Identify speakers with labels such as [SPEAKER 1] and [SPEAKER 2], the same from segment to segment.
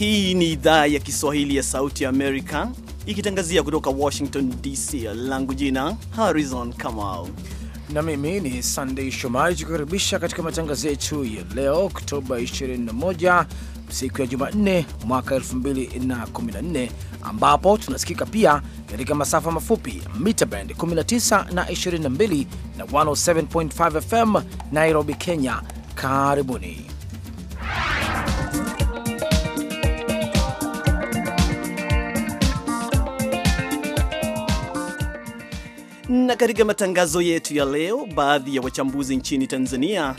[SPEAKER 1] Hii ni idhaa ya Kiswahili ya Sauti Amerika ikitangazia kutoka Washington DC. Langu jina Harrison Kamau na mimi ni
[SPEAKER 2] sandei Shomari, tukikaribisha katika matangazo yetu ya leo Oktoba 21 siku ya Jumanne mwaka 2014 ambapo tunasikika pia katika masafa mafupi mita band 19 na 22 na 107.5 FM Nairobi, Kenya. Karibuni.
[SPEAKER 1] Na katika matangazo yetu ya leo, baadhi ya wachambuzi nchini Tanzania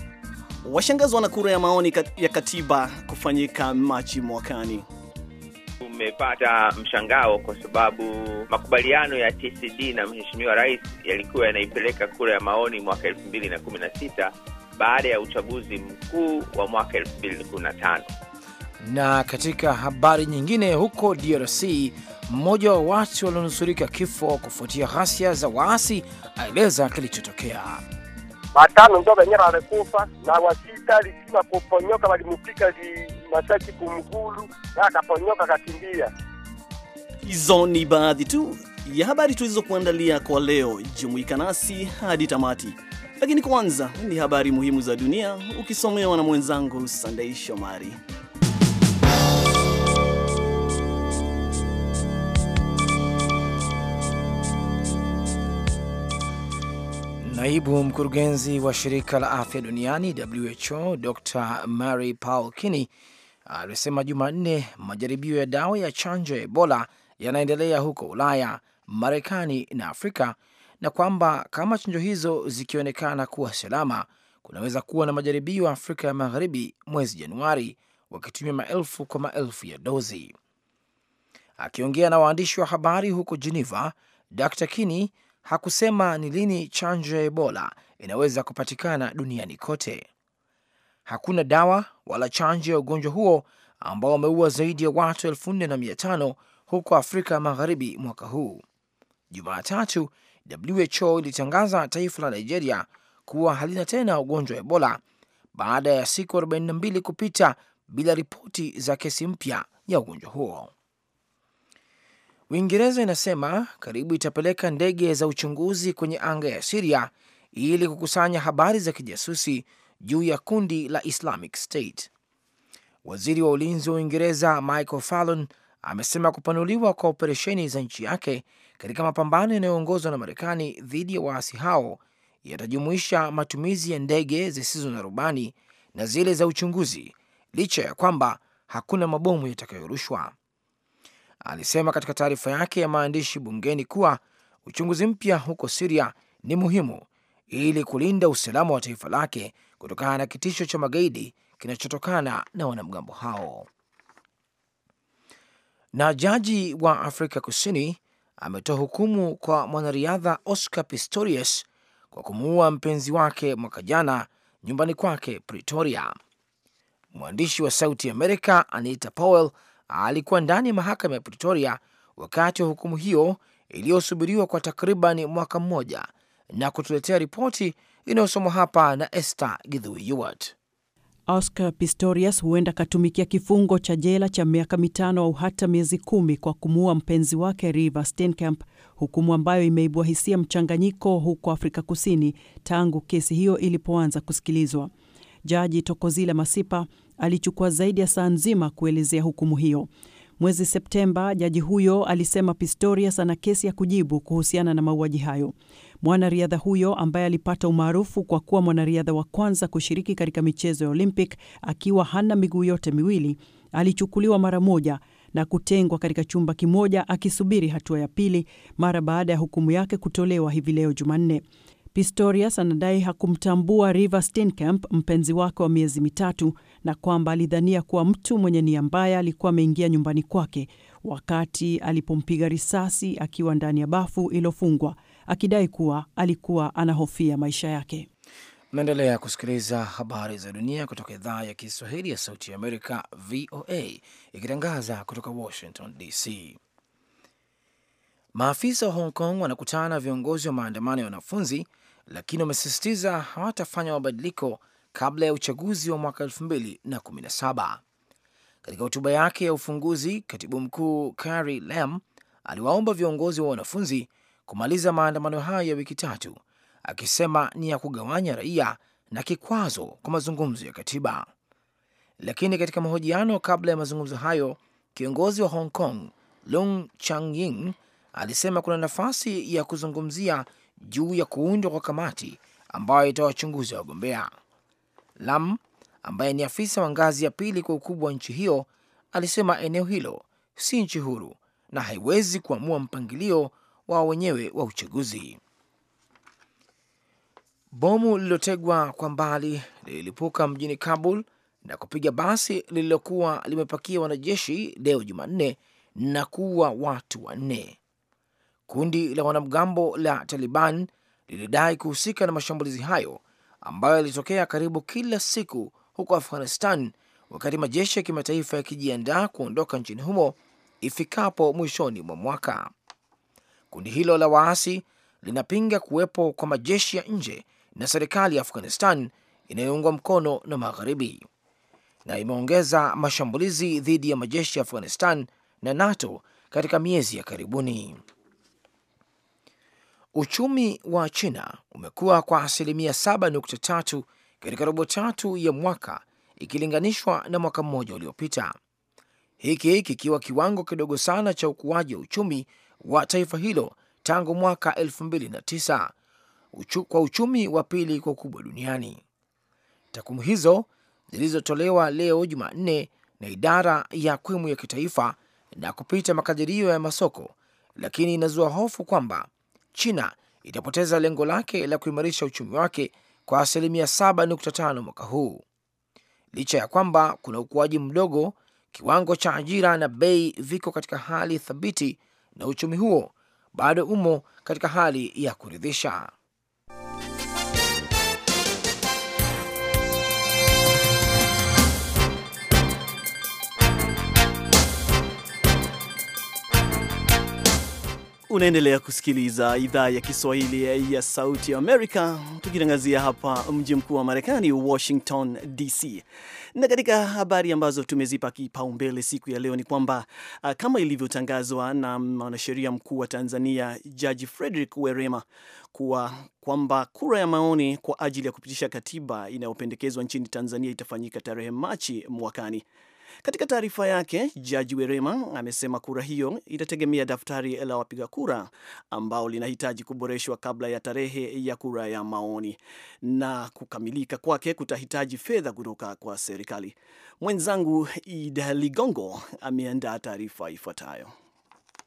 [SPEAKER 1] washangazwa na kura ya maoni ya katiba kufanyika Machi mwakani.
[SPEAKER 3] Tumepata mshangao kwa sababu makubaliano ya TCD na mheshimiwa rais yalikuwa yanaipeleka kura ya maoni mwaka elfu mbili na kumi na sita baada ya uchaguzi mkuu wa mwaka elfu mbili na kumi na tano.
[SPEAKER 2] Na katika habari nyingine, huko DRC mmoja wa watu walionusurika kifo kufuatia ghasia za waasi aeleza kilichotokea.
[SPEAKER 4] Watano ndio wenyewe walikufa na wasita kuponyoka walimupika walimpika masaki kumgulu na akaponyoka akakimbia.
[SPEAKER 1] Hizo ni baadhi tu ya habari tulizokuandalia kwa leo. Jumuika nasi hadi tamati, lakini kwanza ni habari muhimu za dunia ukisomewa na mwenzangu Sandei Shomari.
[SPEAKER 2] Naibu mkurugenzi wa shirika la afya duniani WHO Dr Mary Paul Kinney alisema Jumanne majaribio ya dawa ya chanjo ya Ebola yanaendelea huko Ulaya, Marekani na Afrika, na kwamba kama chanjo hizo zikionekana kuwa salama, kunaweza kuwa na majaribio Afrika ya Magharibi mwezi Januari, wakitumia maelfu kwa maelfu ya dozi. Akiongea na waandishi wa habari huko Geneva, Dr Kinney hakusema ni lini chanjo ya Ebola inaweza kupatikana duniani kote. Hakuna dawa wala chanjo ya ugonjwa huo ambao wameua zaidi ya watu elfu nne na mia tano huko Afrika Magharibi mwaka huu. Jumatatu, WHO ilitangaza taifa la Nigeria kuwa halina tena ugonjwa wa Ebola baada ya siku 42 kupita bila ripoti za kesi mpya ya ugonjwa huo. Uingereza inasema karibu itapeleka ndege za uchunguzi kwenye anga ya Siria ili kukusanya habari za kijasusi juu ya kundi la Islamic State. Waziri wa ulinzi wa Uingereza Michael Fallon amesema kupanuliwa kwa operesheni za nchi yake katika mapambano yanayoongozwa na Marekani dhidi ya waasi hao yatajumuisha matumizi ya ndege zisizo na rubani na zile za uchunguzi, licha ya kwamba hakuna mabomu yatakayorushwa alisema katika taarifa yake ya maandishi bungeni kuwa uchunguzi mpya huko Siria ni muhimu ili kulinda usalama wa taifa lake kutokana na kitisho cha magaidi kinachotokana na wanamgambo hao. Na jaji wa Afrika Kusini ametoa hukumu kwa mwanariadha Oscar Pistorius kwa kumuua mpenzi wake mwaka jana nyumbani kwake Pretoria. Mwandishi wa Sauti Amerika Anita Powell alikuwa ndani ya mahakama ya Pretoria wakati wa hukumu hiyo iliyosubiriwa kwa takriban mwaka mmoja na kutuletea ripoti inayosomwa hapa na Esther Githui
[SPEAKER 5] Oscar Pistorius huenda akatumikia kifungo cha jela cha miaka mitano au hata miezi kumi kwa kumuua mpenzi wake Reeva Steenkamp, hukumu ambayo imeibua hisia mchanganyiko huko Afrika Kusini tangu kesi hiyo ilipoanza kusikilizwa. Jaji tokozila Masipa alichukua zaidi ya saa nzima kuelezea hukumu hiyo. Mwezi Septemba, jaji huyo alisema Pistorius ana kesi ya kujibu kuhusiana na mauaji hayo. Mwanariadha huyo ambaye alipata umaarufu kwa kuwa mwanariadha wa kwanza kushiriki katika michezo ya Olympic akiwa hana miguu yote miwili, alichukuliwa mara moja na kutengwa katika chumba kimoja akisubiri hatua ya pili mara baada ya hukumu yake kutolewa hivi leo Jumanne. Pistorius anadai hakumtambua Reeva Steenkamp, mpenzi wake wa miezi mitatu, na kwamba alidhania kuwa mtu mwenye nia mbaya alikuwa ameingia nyumbani kwake wakati alipompiga risasi akiwa ndani ya bafu iliyofungwa, akidai kuwa alikuwa anahofia maisha yake.
[SPEAKER 2] Mnaendelea kusikiliza habari za dunia kutoka idhaa ya Kiswahili ya Sauti ya Amerika, VOA, ikitangaza kutoka Washington DC. Maafisa wa Hong Kong wanakutana na viongozi wa maandamano ya wanafunzi lakini wamesisitiza hawatafanya mabadiliko kabla ya uchaguzi wa mwaka 2017. Katika hotuba yake ya ufunguzi, katibu mkuu Carrie Lam aliwaomba viongozi wa wanafunzi kumaliza maandamano hayo ya wiki tatu, akisema ni ya kugawanya raia na kikwazo kwa mazungumzo ya katiba. Lakini katika mahojiano kabla ya mazungumzo hayo, kiongozi wa Hong Kong Lung Changying alisema kuna nafasi ya kuzungumzia juu ya kuundwa kwa kamati ambayo itawachunguza wagombea. Lam ambaye ni afisa wa ngazi ya pili kwa ukubwa wa nchi hiyo alisema eneo hilo si nchi huru na haiwezi kuamua mpangilio wa wenyewe wa uchaguzi. Bomu lililotegwa kwa mbali lililipuka mjini Kabul na kupiga basi lililokuwa limepakia wanajeshi leo Jumanne na kuua watu wanne. Kundi la wanamgambo la Taliban lilidai kuhusika na mashambulizi hayo ambayo yalitokea karibu kila siku huko Afghanistan, wakati majeshi ya kimataifa yakijiandaa kuondoka nchini humo ifikapo mwishoni mwa mwaka. Kundi hilo la waasi linapinga kuwepo kwa majeshi ya nje na serikali ya Afghanistan inayoungwa mkono na Magharibi, na imeongeza mashambulizi dhidi ya majeshi ya Afghanistan na NATO katika miezi ya karibuni. Uchumi wa China umekuwa kwa asilimia 7.3 katika robo tatu ya mwaka ikilinganishwa na mwaka mmoja uliopita, hiki kikiwa kiwango kidogo sana cha ukuaji wa uchumi wa taifa hilo tangu mwaka 2009 uchu, kwa uchumi wa pili kwa ukubwa duniani. Takwimu hizo zilizotolewa leo Jumanne na idara ya kwimu ya kitaifa na kupita makadirio ya masoko, lakini inazua hofu kwamba China itapoteza lengo lake la kuimarisha uchumi wake kwa asilimia 7.5 mwaka huu. Licha ya kwamba kuna ukuaji mdogo, kiwango cha ajira na bei viko katika hali thabiti, na uchumi huo bado umo katika hali ya kuridhisha.
[SPEAKER 1] Unaendelea kusikiliza idhaa ya Kiswahili ya Sauti ya Amerika, tukitangazia hapa mji mkuu wa Marekani, Washington DC. Na katika habari ambazo tumezipa kipaumbele siku ya leo ni kwamba ah, kama ilivyotangazwa na mwanasheria mkuu wa Tanzania Jaji Frederick Werema kuwa kwamba kura ya maoni kwa ajili ya kupitisha katiba inayopendekezwa nchini Tanzania itafanyika tarehe Machi mwakani. Katika taarifa yake, Jaji Werema amesema kura hiyo itategemea daftari la wapiga kura ambao linahitaji kuboreshwa kabla ya tarehe ya kura ya maoni, na kukamilika kwake kutahitaji fedha kutoka kwa serikali. Mwenzangu Ida Ligongo ameandaa taarifa ifuatayo.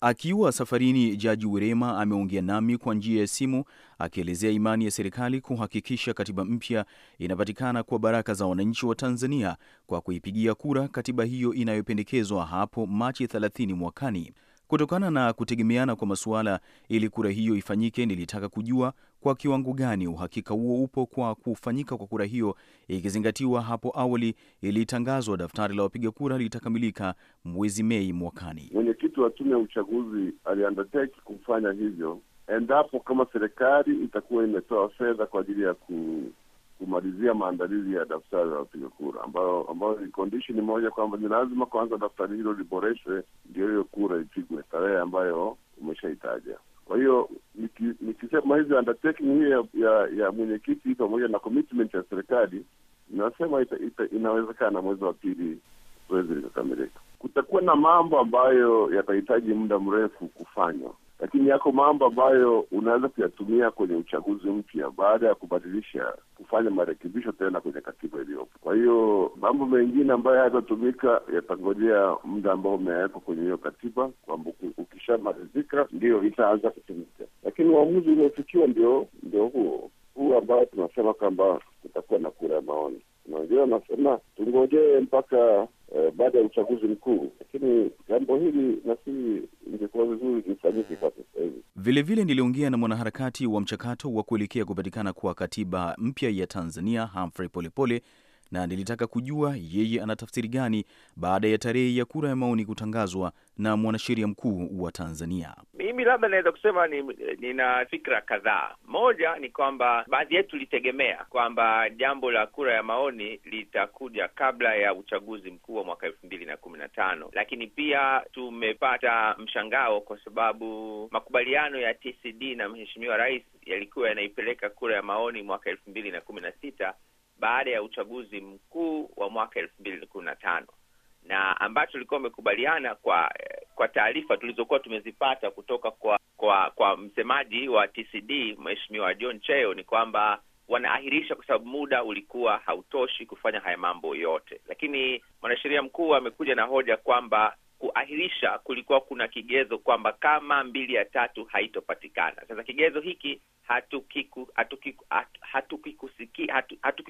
[SPEAKER 6] Akiwa safarini, Jaji Werema ameongea nami kwa njia ya simu akielezea imani ya serikali kuhakikisha katiba mpya inapatikana kwa baraka za wananchi wa Tanzania kwa kuipigia kura katiba hiyo inayopendekezwa hapo Machi 30 mwakani. Kutokana na kutegemeana kwa masuala, ili kura hiyo ifanyike, nilitaka kujua kwa kiwango gani uhakika huo upo kwa kufanyika kwa kura hiyo, ikizingatiwa hapo awali ilitangazwa daftari la wapiga kura litakamilika mwezi Mei mwakani.
[SPEAKER 7] Mwenyekiti wa tume ya uchaguzi aliandateki kufanya hivyo endapo kama serikali itakuwa imetoa fedha kwa ajili ya ku kumalizia maandalizi ya daftari la wapiga kura, ambayo ambayo ni kondishini moja kwamba ni lazima kwanza daftari hilo liboreshwe, ndio hiyo kura ipigwe tarehe ambayo umeshaitaja. Kwa hiyo nikisema hizi undertaking hii ya, ya, ya mwenyekiti pamoja na commitment ya serikali inasema ita, ita, inawezekana mwezi wa pili zoezi likakamilika. Kutakuwa na mambo ambayo yatahitaji muda mrefu kufanywa lakini yako mambo ambayo unaweza kuyatumia kwenye uchaguzi mpya baada ya kubadilisha, kufanya marekebisho tena kwenye katiba iliyopo. Kwa hiyo mambo mengine ambayo hayatatumika yatangojea muda ambao umewekwa kwenye hiyo katiba, kwamba ukishamalizika ndiyo itaanza kutumika, lakini uamuzi uliofikiwa ndio ndio huo huu ambao tunasema kwamba kutakuwa na kura ya maoni. Na wengine wanasema tungojee mpaka Eh, baada ya uchaguzi mkuu, lakini jambo hili nafikiri ingekuwa vizuri lifanyike kwa sasa hivi.
[SPEAKER 6] Vilevile niliongea na mwanaharakati wa mchakato wa kuelekea kupatikana kwa katiba mpya ya Tanzania, Humphrey Polepole na nilitaka kujua yeye ana tafsiri gani baada ya tarehe ya kura ya maoni kutangazwa na mwanasheria mkuu wa Tanzania.
[SPEAKER 3] Mimi labda naweza kusema nina ni fikra kadhaa. Moja ni kwamba baadhi yetu tulitegemea kwamba jambo la kura ya maoni litakuja kabla ya uchaguzi mkuu wa mwaka elfu mbili na kumi na tano, lakini pia tumepata mshangao kwa sababu makubaliano ya TCD na mheshimiwa rais yalikuwa yanaipeleka kura ya maoni mwaka elfu mbili na kumi na sita baada ya uchaguzi mkuu wa mwaka elfu mbili kumi na tano na ambacho ilikuwa amekubaliana kwa kwa taarifa tulizokuwa tumezipata kutoka kwa kwa kwa msemaji wa TCD Mheshimiwa John Cheo ni kwamba wanaahirisha kwa sababu muda ulikuwa hautoshi kufanya haya mambo yote, lakini mwanasheria mkuu amekuja na hoja kwamba kuahirisha kulikuwa kuna kigezo kwamba kama mbili ya tatu haitopatikana. Sasa kigezo hiki hatukikipata hatu, hatu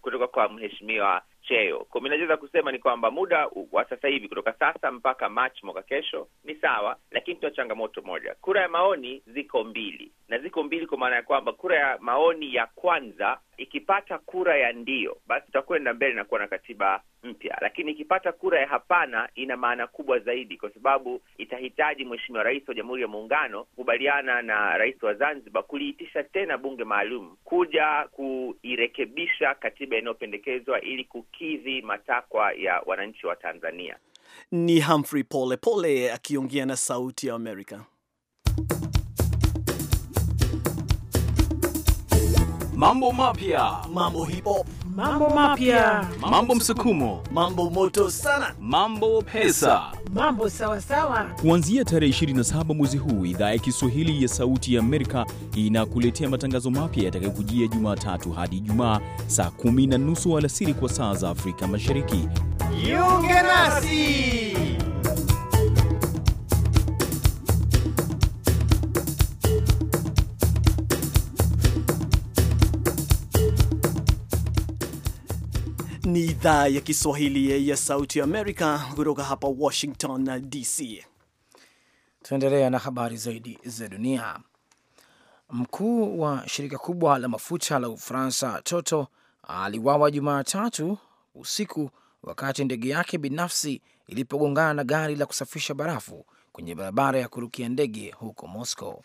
[SPEAKER 3] kutoka kwa mheshimiwa Cheo. Kwa mimi kusema ni kwamba muda wa sasa hivi kutoka sasa mpaka Machi mwaka kesho ni sawa, lakini tuna changamoto moja. Kura ya maoni ziko mbili, na ziko mbili kwa maana ya kwamba kura ya maoni ya kwanza ikipata kura ya ndio, basi tutakwenda mbele na kuwa na katiba mpya, lakini ikipata kura ya hapana, ina maana kubwa zaidi, kwa sababu itahitaji mheshimiwa rais wa Jamhuri ya Muungano kukubaliana na rais wa Zanzibar waliitisha tena bunge maalum kuja kuirekebisha katiba inayopendekezwa ili kukidhi matakwa ya wananchi wa Tanzania.
[SPEAKER 1] Ni Humphrey Pole Pole akiongea na Sauti ya Amerika.
[SPEAKER 6] Mambo mapya,
[SPEAKER 8] mambo hipo, mambo mapya, mambo
[SPEAKER 6] msukumo, mambo moto
[SPEAKER 8] sana, mambo
[SPEAKER 6] pesa,
[SPEAKER 8] mambo sawasawa.
[SPEAKER 6] Kuanzia tarehe 27 mwezi huu, idhaa ya Kiswahili ya Sauti ya Amerika inakuletea matangazo mapya yatakayokujia Jumatatu hadi Ijumaa saa kumi na nusu alasiri kwa saa za Afrika Mashariki.
[SPEAKER 3] Jiunge nasi.
[SPEAKER 1] ni idhaa ya Kiswahili ya Sauti Amerika
[SPEAKER 2] kutoka hapa Washington uh, DC. Tunaendelea na habari zaidi za dunia. Mkuu wa shirika kubwa la mafuta la Ufaransa toto aliwawa Jumatatu usiku wakati ndege yake binafsi ilipogongana na gari la kusafisha barafu kwenye barabara ya kurukia ndege huko Moscow.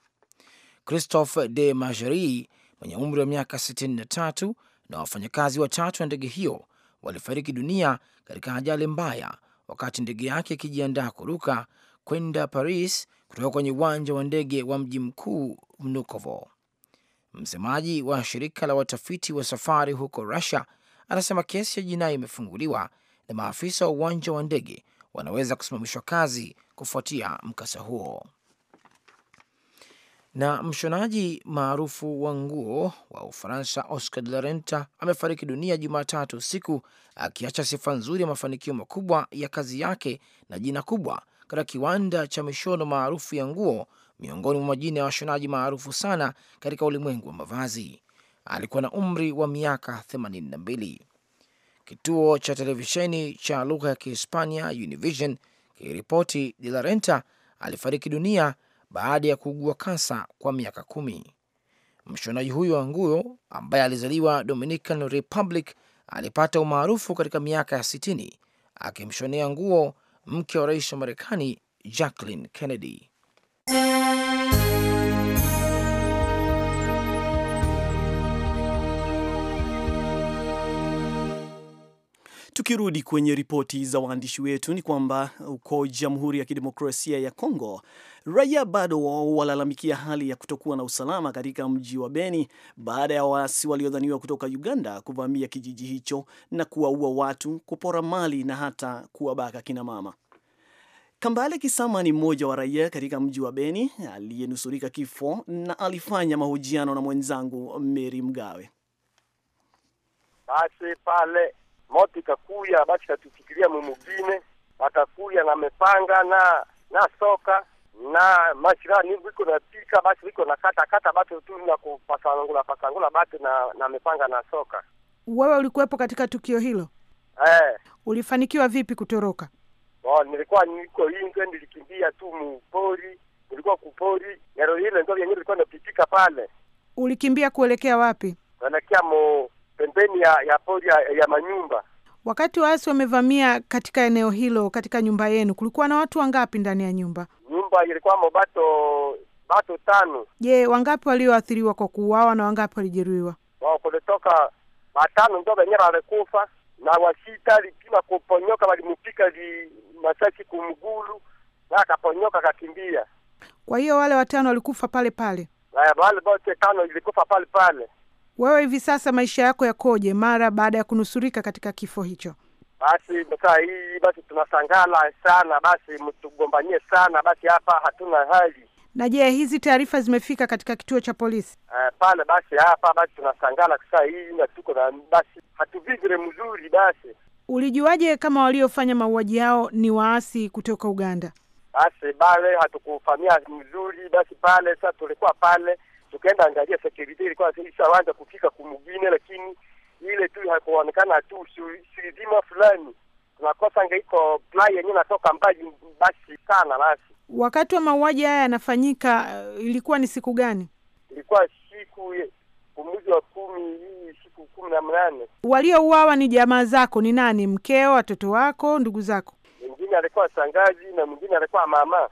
[SPEAKER 2] Christophe de Margerie mwenye umri wa miaka 63 na wafanyakazi watatu wa ndege hiyo walifariki dunia katika ajali mbaya wakati ndege yake ikijiandaa kuruka kwenda Paris kutoka kwenye uwanja wa ndege wa mji mkuu Vnukovo. Msemaji wa shirika la watafiti wa safari huko Russia anasema kesi ya jinai imefunguliwa na maafisa wa uwanja wa ndege wanaweza kusimamishwa kazi kufuatia mkasa huo. Na mshonaji maarufu wa nguo wa Ufaransa Oscar de la Renta amefariki dunia Jumatatu usiku akiacha sifa nzuri ya mafanikio makubwa ya kazi yake na jina kubwa katika kiwanda cha mishono maarufu ya nguo, miongoni mwa majina ya washonaji maarufu sana katika ulimwengu wa mavazi. Alikuwa na umri wa miaka 82. Kituo cha televisheni cha lugha ya Kihispania Univision kiripoti De la Renta alifariki dunia baada ya kuugua kansa kwa miaka kumi. Mshonaji huyo wa nguo ambaye alizaliwa Dominican Republic alipata umaarufu katika miaka ya sitini akimshonea nguo mke wa rais wa Marekani Jacqueline Kennedy.
[SPEAKER 1] Tukirudi kwenye ripoti za waandishi wetu, ni kwamba huko Jamhuri ya Kidemokrasia ya Kongo raia bado walalamikia hali ya kutokuwa na usalama katika mji wa Beni baada ya waasi waliodhaniwa kutoka Uganda kuvamia kijiji hicho na kuwaua watu, kupora mali na hata kuwabaka kina mama. Kambale Kisama ni mmoja wa raia katika mji wa Beni aliyenusurika kifo na alifanya mahojiano na mwenzangu Meri Mgawe.
[SPEAKER 4] Basi pale moto ikakuya basi katufikiria mumugine watakuya na mepanga na na soka na mashira ni viko na pika basi viko na kata kata batu tu na kupasangula pasangula batu na na mepanga na soka.
[SPEAKER 8] Wewe ulikuwepo katika tukio hilo eh? Ulifanikiwa vipi kutoroka?
[SPEAKER 4] Oh, nilikuwa niko inje, nilikimbia tu mupori, nilikuwa kupori nero hilo, ndio yenyewe ilikuwa inapitika pale.
[SPEAKER 8] Ulikimbia kuelekea wapi?
[SPEAKER 4] Kuelekea mo pembeni ya ya pori ya, ya manyumba.
[SPEAKER 8] Wakati waasi wamevamia katika eneo hilo, katika nyumba yenu kulikuwa na watu wangapi ndani ya nyumba?
[SPEAKER 4] Nyumba ilikuwa mabato bato tano.
[SPEAKER 8] Je, wangapi walioathiriwa kwa kuuawa na wangapi walijeruhiwa?
[SPEAKER 4] Wao kulitoka watano ndio wenyewe walikufa na wasita lipima kuponyoka, walimupika li masasi kumgulu na akaponyoka akakimbia.
[SPEAKER 8] Kwa hiyo wale watano walikufa pale pale,
[SPEAKER 4] wale wote tano ilikufa pale pale.
[SPEAKER 8] Wewe hivi sasa maisha yako yakoje mara baada ya kunusurika katika kifo hicho?
[SPEAKER 4] Basi saa hii basi tunasangala sana, basi mtugombanie sana, basi hapa hatuna hali.
[SPEAKER 8] Na je, hizi taarifa zimefika katika kituo cha polisi?
[SPEAKER 4] Uh, pale basi hapa basi tunasangala saa hii na tuko na basi hatuvivile mzuri. Basi
[SPEAKER 8] ulijuaje kama waliofanya mauaji yao ni waasi kutoka Uganda?
[SPEAKER 4] Basi pale hatukufamia mzuri, basi pale sasa tulikuwa pale tukaenda angalia, security ilikuwa ishaanza kufika kumugine, lakini ile tu hakuonekana tu silizima fulani tunakosa ngaiko plai yenyewe natoka mbali basi sana. Basi
[SPEAKER 8] wakati wa mauaji haya yanafanyika, eh, ilikuwa ni siku gani? Ilikuwa
[SPEAKER 4] siku mwezi wa kumi, hii siku kumi na mnane.
[SPEAKER 8] Waliouawa ni jamaa zako? Ni nani? Mkeo, watoto wako, ndugu zako?
[SPEAKER 1] Mwingine alikuwa shangazi na mwingine alikuwa mama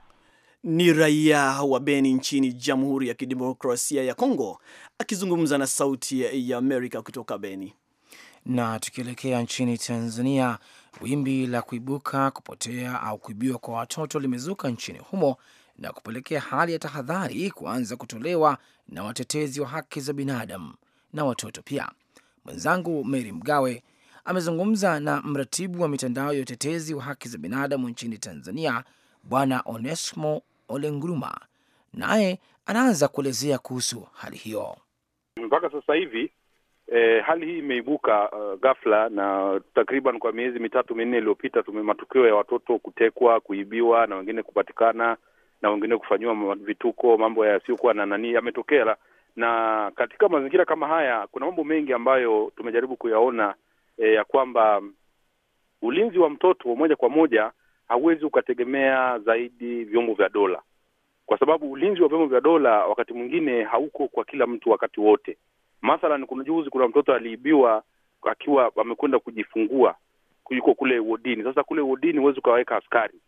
[SPEAKER 1] ni raia wa Beni nchini Jamhuri ya Kidemokrasia ya Kongo akizungumza na Sauti ya Amerika kutoka Beni.
[SPEAKER 2] Na tukielekea nchini Tanzania, wimbi la kuibuka, kupotea au kuibiwa kwa watoto limezuka nchini humo na kupelekea hali ya tahadhari kuanza kutolewa na watetezi wa haki za binadamu na watoto pia. Mwenzangu Mary Mgawe amezungumza na mratibu wa mitandao ya utetezi wa haki za binadamu nchini Tanzania, Bwana Onesmo Ole Nguruma, naye anaanza kuelezea kuhusu hali
[SPEAKER 9] hiyo. Mpaka sasa hivi e, hali hii imeibuka uh, ghafla na takriban kwa miezi mitatu minne iliyopita, tume matukio ya watoto kutekwa, kuibiwa na wengine kupatikana na wengine kufanyiwa vituko, mambo yasiyokuwa na nani yametokea. Na katika mazingira kama haya, kuna mambo mengi ambayo tumejaribu kuyaona eh, ya kwamba ulinzi wa mtoto moja kwa moja hauwezi ukategemea zaidi vyombo vya dola, kwa sababu ulinzi wa vyombo vya dola wakati mwingine hauko kwa kila mtu wakati wote. Mathalan, kuna juzi, kuna mtoto aliibiwa akiwa amekwenda kujifungua, yuko kule wodini. Sasa kule wodini huwezi ukawaweka askari,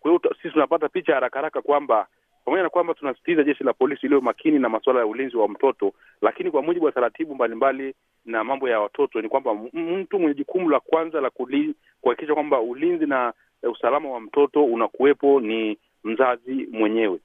[SPEAKER 9] kwa hiyo sisi tunapata picha haraka haraka kwamba pamoja na kwamba tunasisitiza jeshi la polisi iliyo makini na masuala ya ulinzi wa mtoto, lakini kwa mujibu wa taratibu mbalimbali na mambo ya watoto ni kwamba mtu mwenye jukumu la kwanza la kuhakikisha kwamba ulinzi na eh, usalama wa mtoto unakuwepo ni mzazi mwenyewe,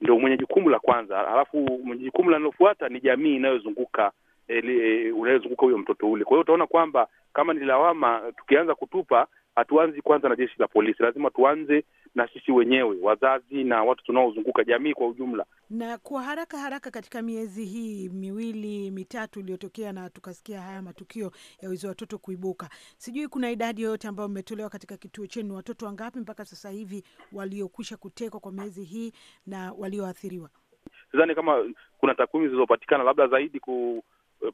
[SPEAKER 9] ndio mwenye jukumu la kwanza, alafu mwenye jukumu linalofuata ni jamii inayozunguka eh, eh, unayozunguka huyo mtoto ule. Kwa hiyo utaona kwamba kama ni lawama tukianza kutupa, hatuanzi kwanza na jeshi la polisi, lazima tuanze na sisi wenyewe wazazi na watu tunaozunguka jamii kwa ujumla.
[SPEAKER 8] Na kwa haraka haraka, katika miezi hii miwili mitatu iliyotokea na tukasikia haya matukio ya wizi watoto kuibuka, sijui kuna idadi yoyote ambayo mmetolewa katika kituo chenu, watoto wangapi mpaka sasa hivi waliokwisha kutekwa kwa miezi hii na walioathiriwa?
[SPEAKER 9] Sidhani kama kuna takwimu zilizopatikana, labda zaidi ku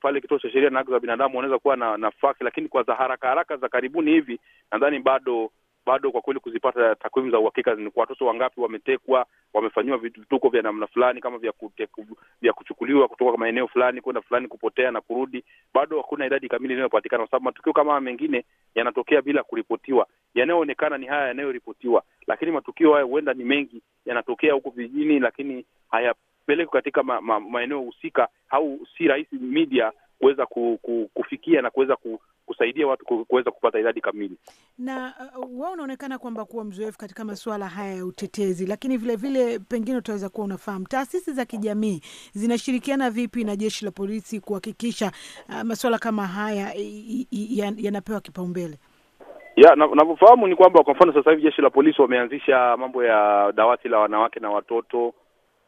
[SPEAKER 9] pale kituo cha sheria na haki za binadamu wanaweza kuwa na nafasi, lakini kwa za haraka haraka za karibuni hivi nadhani bado bado kwa kweli kuzipata takwimu za uhakika, ni watoto wangapi wametekwa, wamefanyiwa vituko vya namna fulani kama vya, kuteku, vya kuchukuliwa kutoka maeneo fulani kwenda fulani, kupotea na kurudi. Bado hakuna idadi kamili inayopatikana, kwa sababu matukio kama haya mengine yanatokea bila kuripotiwa. Yanayoonekana ni haya yanayoripotiwa, lakini matukio haya huenda ni mengi, yanatokea huko vijijini, lakini hayapelekwi katika ma, ma, maeneo husika, au si rahisi media kuweza ku, ku, kufikia na kuweza ku, kusaidia watu kuweza kupata idadi kamili.
[SPEAKER 8] Na uh, wao unaonekana kwamba kuwa mzoefu katika masuala haya ya utetezi, lakini vilevile vile, pengine utaweza kuwa unafahamu taasisi za kijamii zinashirikiana vipi na jeshi la polisi kuhakikisha uh, masuala kama haya yanapewa kipaumbele?
[SPEAKER 9] Ya, navyofahamu ni kwamba kwa mfano sasa hivi jeshi la polisi wameanzisha mambo ya dawati la wanawake na watoto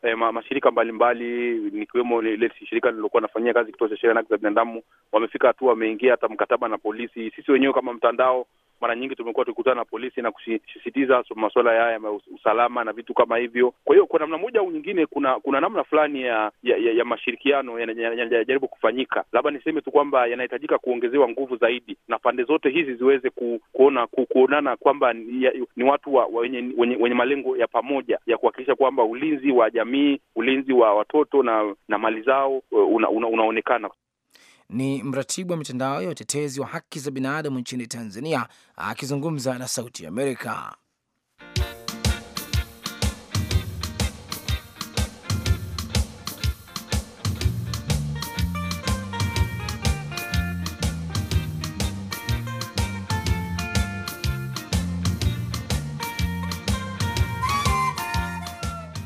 [SPEAKER 9] eh, ma, mashirika mbalimbali nikiwemo shirika lilokuwa nafanyia kazi kituo cha sheria na haki za binadamu, wamefika hatua wameingia hata mkataba na polisi. Sisi wenyewe kama mtandao mara nyingi tumekuwa tukikutana na polisi na kusisitiza masuala haya ya usalama na vitu kama hivyo. Kwa hiyo kwa namna moja au nyingine, kuna kuna namna fulani ya ya, ya, ya mashirikiano yanajaribu kufanyika. Labda niseme tu kwamba yanahitajika kuongezewa nguvu zaidi, na pande zote hizi ziweze ku, kuona ku, kuonana kwamba ni, ya, ni watu wa, wenye, wenye, wenye malengo ya pamoja ya kuhakikisha kwamba ulinzi wa jamii, ulinzi wa watoto na na mali zao eh, una, una, unaonekana
[SPEAKER 2] ni mratibu wa mitandao ya utetezi wa haki za binadamu nchini Tanzania akizungumza na Sauti Amerika.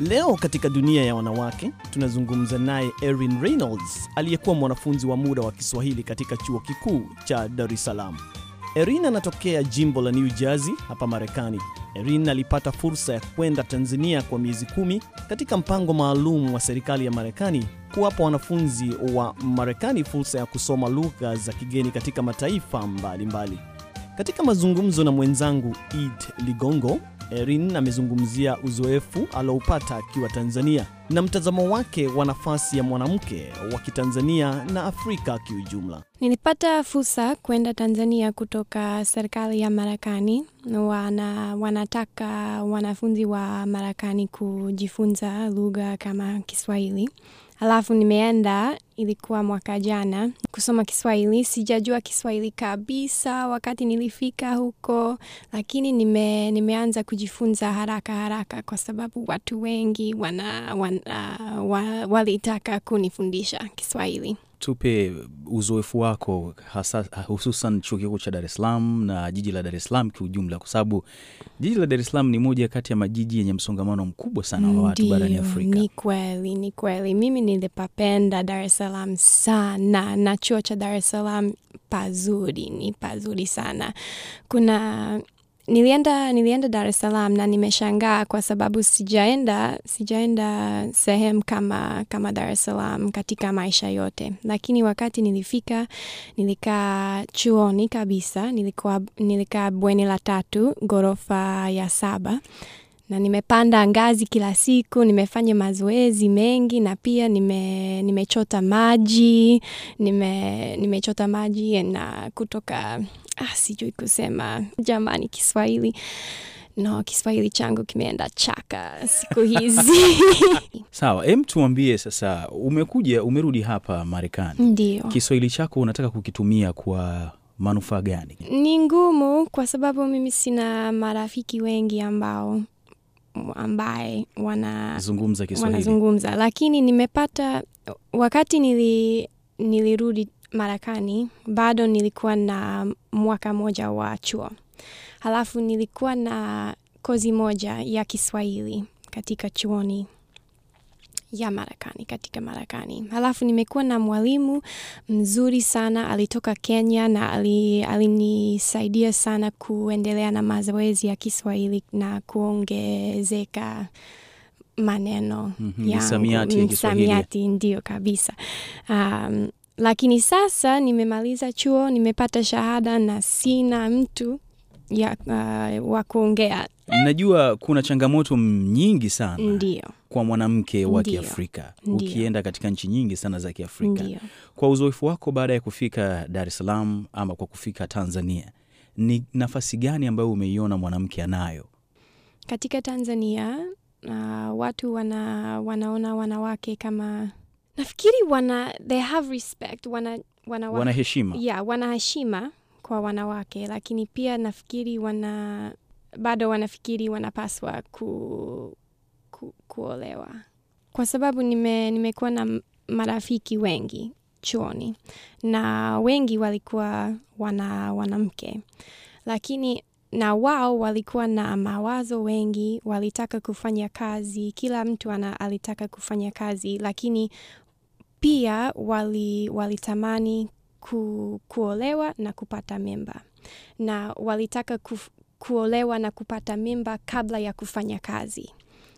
[SPEAKER 1] Leo katika dunia ya wanawake tunazungumza naye Erin Reynolds aliyekuwa mwanafunzi wa muda wa Kiswahili katika chuo kikuu cha Dar es Salaam. Erin anatokea jimbo la New Jersey hapa Marekani. Erin alipata fursa ya kwenda Tanzania kwa miezi kumi katika mpango maalum wa serikali ya Marekani kuwapa wanafunzi wa Marekani fursa ya kusoma lugha za kigeni katika mataifa mbalimbali mbali. Katika mazungumzo na mwenzangu ed Ligongo, Erin amezungumzia uzoefu aloupata akiwa Tanzania na mtazamo wake wa nafasi ya mwanamke wa Kitanzania na Afrika kiujumla.
[SPEAKER 10] Nilipata fursa kwenda Tanzania kutoka serikali ya Marekani. Wana, wanataka wanafunzi wa Marekani kujifunza lugha kama Kiswahili alafu nimeenda ilikuwa mwaka jana kusoma Kiswahili. Sijajua Kiswahili kabisa wakati nilifika huko, lakini nime, nimeanza kujifunza haraka haraka kwa sababu watu wengi wana, wana, wa, walitaka kunifundisha Kiswahili
[SPEAKER 6] tupe uzoefu wako hususan chuo kikuu cha Dar es Salaam na jiji la Dar es Salaam kiujumla, kwa sababu jiji la Dar es Salaam ni moja kati ya majiji yenye msongamano mkubwa sana wa watu barani Afrika.
[SPEAKER 10] Ni kweli, ni kweli. Mimi nilipapenda Dar es Salaam sana, na chuo cha Dar es Salaam pazuri, ni pazuri sana. Kuna nilienda nilienda Dar es Salaam na nimeshangaa kwa sababu sijaenda sijaenda sehemu kama kama Dar es Salaam katika maisha yote, lakini wakati nilifika nilikaa chuoni kabisa, nilikuwa nilikaa bweni la tatu ghorofa ya saba na nimepanda ngazi kila siku, nimefanya mazoezi mengi na pia nime, nimechota maji nime, nimechota maji na kutoka ah, sijui kusema jamani Kiswahili no Kiswahili changu kimeenda chaka siku hizi.
[SPEAKER 6] Sawa, em, tuambie sasa, umekuja umerudi hapa Marekani, ndio Kiswahili chako unataka kukitumia kwa manufaa gani?
[SPEAKER 10] Ni ngumu kwa sababu mimi sina marafiki wengi ambao ambaye wanazungumza
[SPEAKER 6] Kiswahili, wanazungumza,
[SPEAKER 10] lakini nimepata wakati nili nilirudi Marekani, bado nilikuwa na mwaka moja wa chuo. Halafu nilikuwa na kozi moja ya Kiswahili katika chuoni ya Marekani, katika Marekani. Halafu nimekuwa na mwalimu mzuri sana, alitoka Kenya na alinisaidia sana kuendelea na mazoezi ya Kiswahili na kuongezeka maneno mm -hmm, ya msamiati, ndio kabisa um, lakini sasa nimemaliza chuo, nimepata shahada na sina mtu ya, uh, wa kuongea.
[SPEAKER 6] Najua kuna changamoto nyingi sana ndio kwa mwanamke wa Kiafrika ukienda katika nchi nyingi sana za Kiafrika. Kwa uzoefu wako baada ya kufika Dar es Salaam ama kwa kufika Tanzania, ni nafasi gani ambayo umeiona mwanamke anayo
[SPEAKER 10] katika Tanzania? Uh, watu wana, wanaona wanawake kama nafikiri wana they have respect wana wana, wana heshima yeah, wana heshima kwa wanawake lakini pia nafikiri wana bado wanafikiri wanapaswa ku, ku, kuolewa kwa sababu nime, nimekuwa na marafiki wengi chuoni na wengi walikuwa wana wanamke lakini na wao walikuwa na mawazo wengi, walitaka kufanya kazi, kila mtu ana alitaka kufanya kazi, lakini pia walitamani wali ku, kuolewa na kupata mimba na walitaka ku, kuolewa na kupata mimba kabla ya kufanya kazi.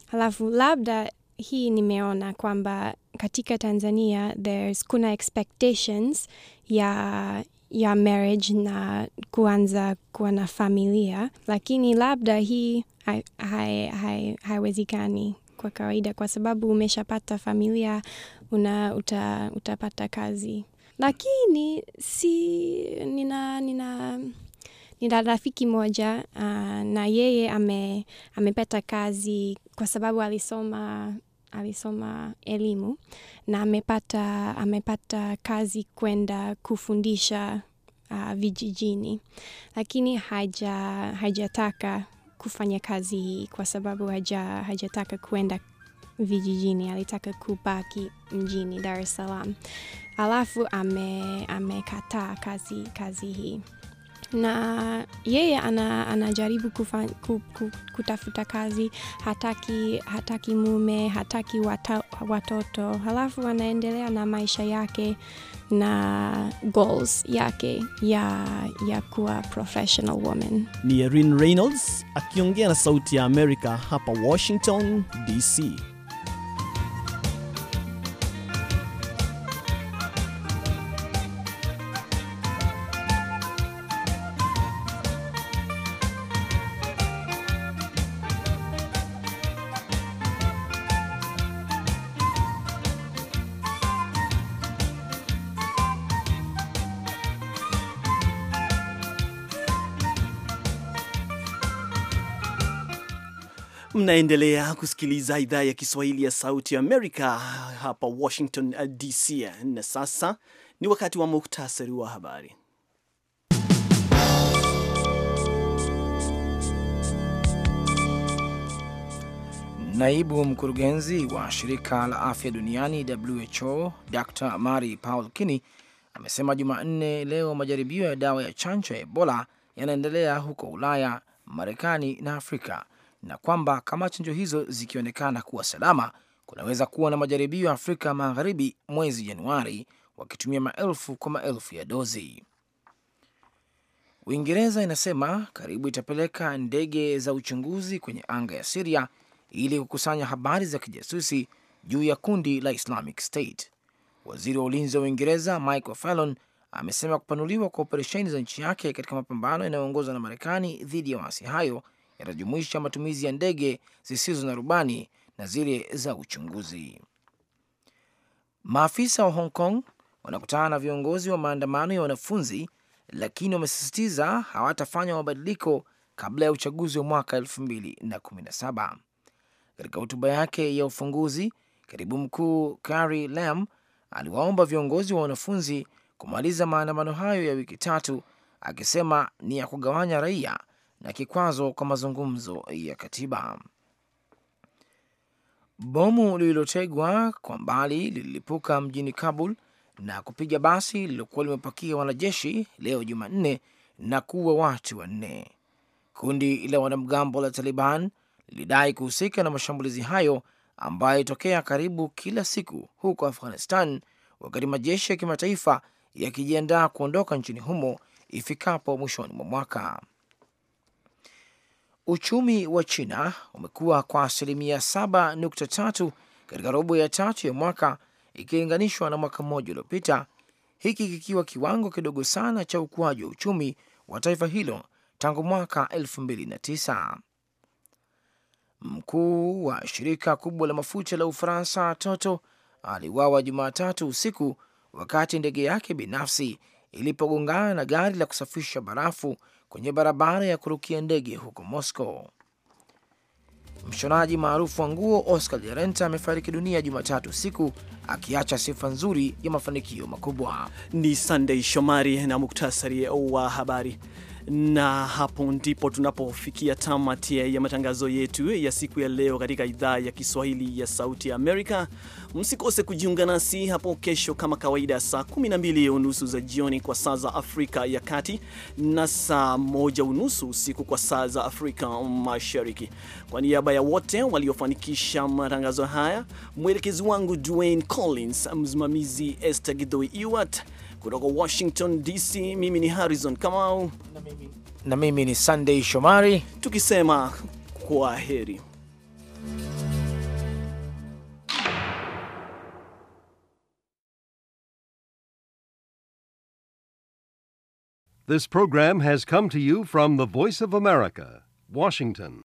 [SPEAKER 10] Halafu labda hii nimeona kwamba katika Tanzania there's, kuna expectations ya, ya marriage na kuanza kuwa na familia, lakini labda hii haiwezekani hai, hai, hai kwa kawaida, kwa sababu umeshapata familia una, uta, utapata kazi, lakini si nina nina nina rafiki moja uh, na yeye ame, amepata kazi kwa sababu alisoma alisoma elimu na amepata amepata kazi kwenda kufundisha uh, vijijini, lakini haja hajataka kufanya kazi hii kwa sababu haja, hajataka kuenda vijijini, alitaka kubaki mjini Dar es Salaam, alafu amekataa ame kazi, kazi hii na yeye ana, anajaribu kufa, ku, ku, kutafuta kazi, hataki, hataki mume, hataki wata, watoto, halafu anaendelea na maisha yake na goals yake ya, ya kuwa professional woman.
[SPEAKER 1] Ni Erin Reynolds akiongea na Sauti ya Amerika hapa Washington DC. Mnaendelea kusikiliza idhaa ya Kiswahili ya Sauti ya Amerika hapa Washington uh, DC, na sasa ni wakati wa muktasari wa habari.
[SPEAKER 2] Naibu mkurugenzi wa shirika la afya duniani WHO Dr Mari Paul Kini amesema Jumanne leo majaribio ya dawa ya chanjo ya Ebola yanaendelea huko Ulaya, Marekani na Afrika na kwamba kama chanjo hizo zikionekana kuwa salama, kunaweza kuwa na majaribio ya Afrika Magharibi mwezi Januari, wakitumia maelfu kwa maelfu ya dozi. Uingereza inasema karibu itapeleka ndege za uchunguzi kwenye anga ya Siria ili kukusanya habari za kijasusi juu ya kundi la Islamic State. Waziri wa ulinzi wa Uingereza Michael Fallon amesema kupanuliwa kwa operesheni za nchi yake katika mapambano yanayoongozwa na Marekani dhidi ya waasi hayo yatajumuisha matumizi ya ndege zisizo na rubani na zile za uchunguzi. Maafisa wa Hong Kong wanakutana na viongozi wa maandamano ya wanafunzi, lakini wamesisitiza hawatafanya mabadiliko kabla ya uchaguzi wa mwaka 2017. Katika hotuba yake ya ufunguzi, katibu mkuu Carrie Lam aliwaomba viongozi wa wanafunzi kumaliza maandamano hayo ya wiki tatu, akisema ni ya kugawanya raia na kikwazo kwa mazungumzo ya katiba. Bomu lililotegwa kwa mbali lililipuka mjini Kabul na kupiga basi lililokuwa limepakia wanajeshi leo Jumanne na kuua watu wanne. Kundi la wanamgambo la Taliban lilidai kuhusika na mashambulizi hayo ambayo ilitokea karibu kila siku huko Afghanistan, wakati majeshi ya kimataifa yakijiandaa kuondoka nchini humo ifikapo mwishoni mwa mwaka. Uchumi wa China umekuwa kwa asilimia 7.3 katika robo ya tatu ya mwaka ikilinganishwa na mwaka mmoja uliopita, hiki kikiwa kiwango kidogo sana cha ukuaji wa uchumi wa taifa hilo tangu mwaka 2009. Mkuu wa shirika kubwa la mafuta la Ufaransa Toto aliuawa Jumatatu usiku wakati ndege yake binafsi ilipogongana na gari la kusafisha barafu kwenye barabara ya kurukia ndege huko Moscow. Mshonaji maarufu wa nguo Oscar de Renta amefariki dunia Jumatatu siku akiacha sifa nzuri ya mafanikio makubwa. Ni Sunday Shomari na muktasari
[SPEAKER 1] wa habari na hapo ndipo tunapofikia tamati ya matangazo yetu ya siku ya leo katika idhaa ya Kiswahili ya Sauti ya Amerika. Msikose kujiunga nasi hapo kesho kama kawaida, saa 12 unusu za jioni kwa saa za Afrika ya Kati na saa moja unusu usiku kwa saa za Afrika Mashariki. Kwa niaba ya wote waliofanikisha matangazo haya, mwelekezi wangu Dwayne Collins, msimamizi Esther Gidoi Iwat Kutoka Washington DC, mimi ni Harrison Kamau na mimi, na mimi ni Sunday Shomari tukisema kwa heri.
[SPEAKER 4] This program has come to you from the Voice of America, Washington.